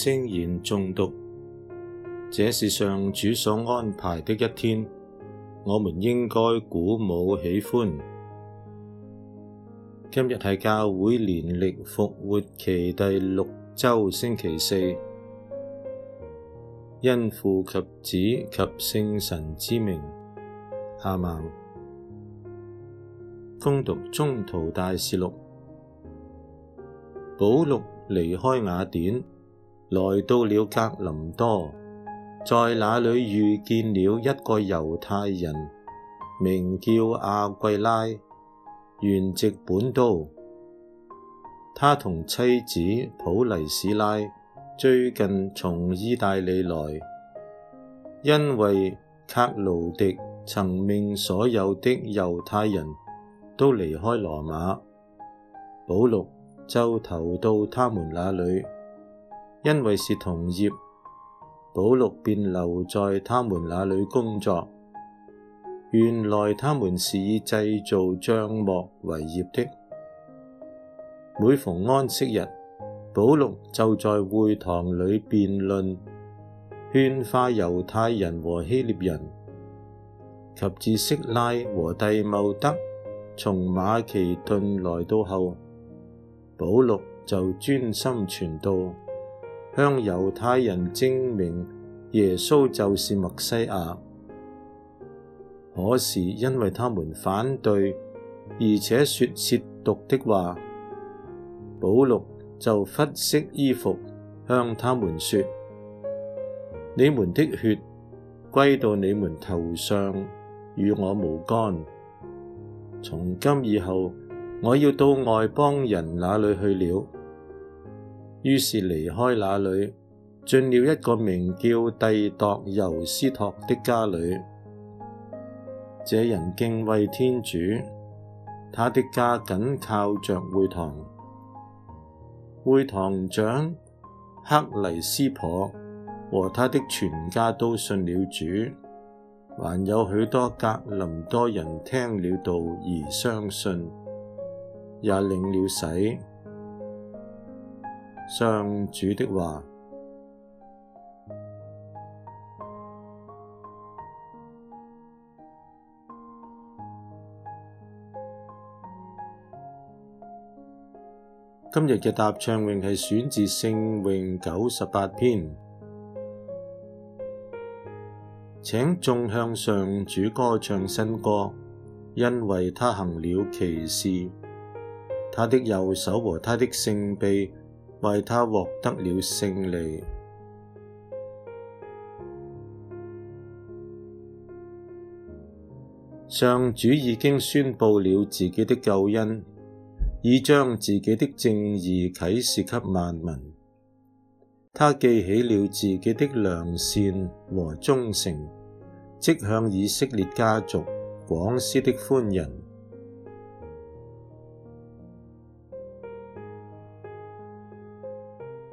聖言誦讀，這是上主所安排的一天，我們應該鼓舞喜歡。今日係教會年曆復活期第六周星期四，因父及子及聖神之名，亞孟。恭讀宗徒大事錄，保祿離開雅典。來到了格林多，在那裏遇見了一個猶太人，名叫阿桂拉，原籍本都。他同妻子普黎史拉最近從意大利來，因為喀勞狄曾命所有的猶太人都離開羅馬，保祿就投到他們那裏。因為是同業，保祿便留在他們那裏工作。原來他們是以製造帳幕為業的。每逢安息日，保祿就在會堂裏辯論，勸化猶太人和希臘人，及至息拉和弟茂德從馬其頓來到後，保祿就專心傳道。向猶太人證明耶穌就是默西亞，可是，因為他們反對，而且說褻瀆的話，保祿就拂拭衣服，向他們說：你們的血歸到你們頭上，與我無干。從今以後，我要到外邦人那裏去了。於是離開那裏，進了一個名叫弟鐸猶斯托的家裏。這人敬畏天主，他的家緊靠着會堂。會堂長克黎斯頗和他的全家都信了主，還有許多格林多人聽了道而相信，也領了洗。上主的話。今日嘅答唱詠係選自聖詠九十八篇。請眾向上主歌唱新歌，因為他行了奇事，他的右手和他的聖臂。為他獲得了勝利，上主已經宣布了自己的救恩，已將自己的正義啟示給萬民。他記起了自己的良善和忠誠，即向以色列家族廣施的寬仁。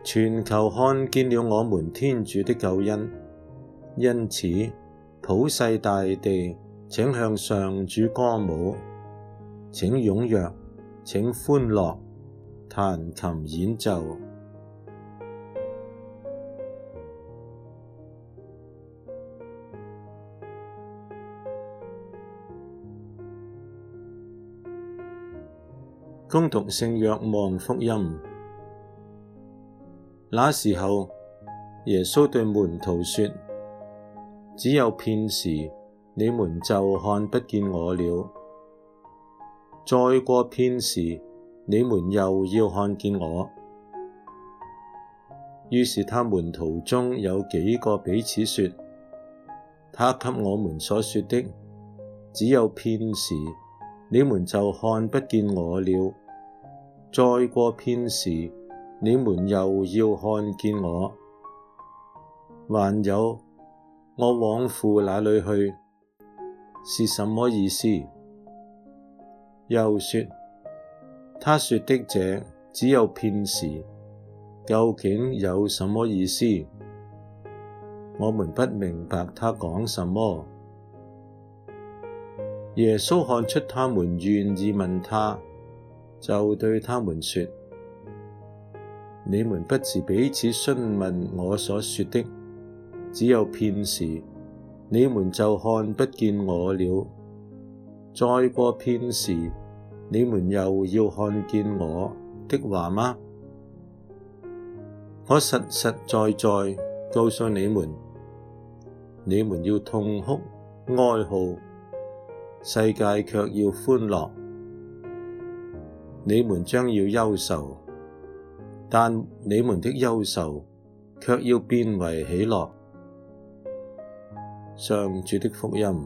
全球看見了我們天主的救恩，因此，普世大地，請向上主歌舞，請踴躍，請歡樂，彈琴演奏。恭讀聖若望福音。那時候，耶穌對門徒說：只有片時，你們就看不見我了；再過片時，你們又要看見我。於是，他門徒中有幾個彼此說：他給我們所說的，只有片時，你們就看不見我了；再過片時。你們又要看見我，還有我往父那裏去，是什麼意思？又說，他說的這只有片時，究竟有什麼意思？我們不明白他講什麼。耶穌看出他們願意問他，就對他們說。你們不是彼此詢問我所說的，只有片時，你們就看不見我了；再過片時，你們又要看見我的話嗎？我實實在在告訴你們，你們要痛哭哀號，世界卻要歡樂；你們將要憂愁。但你們的憂愁卻要變為喜樂。上主的福音。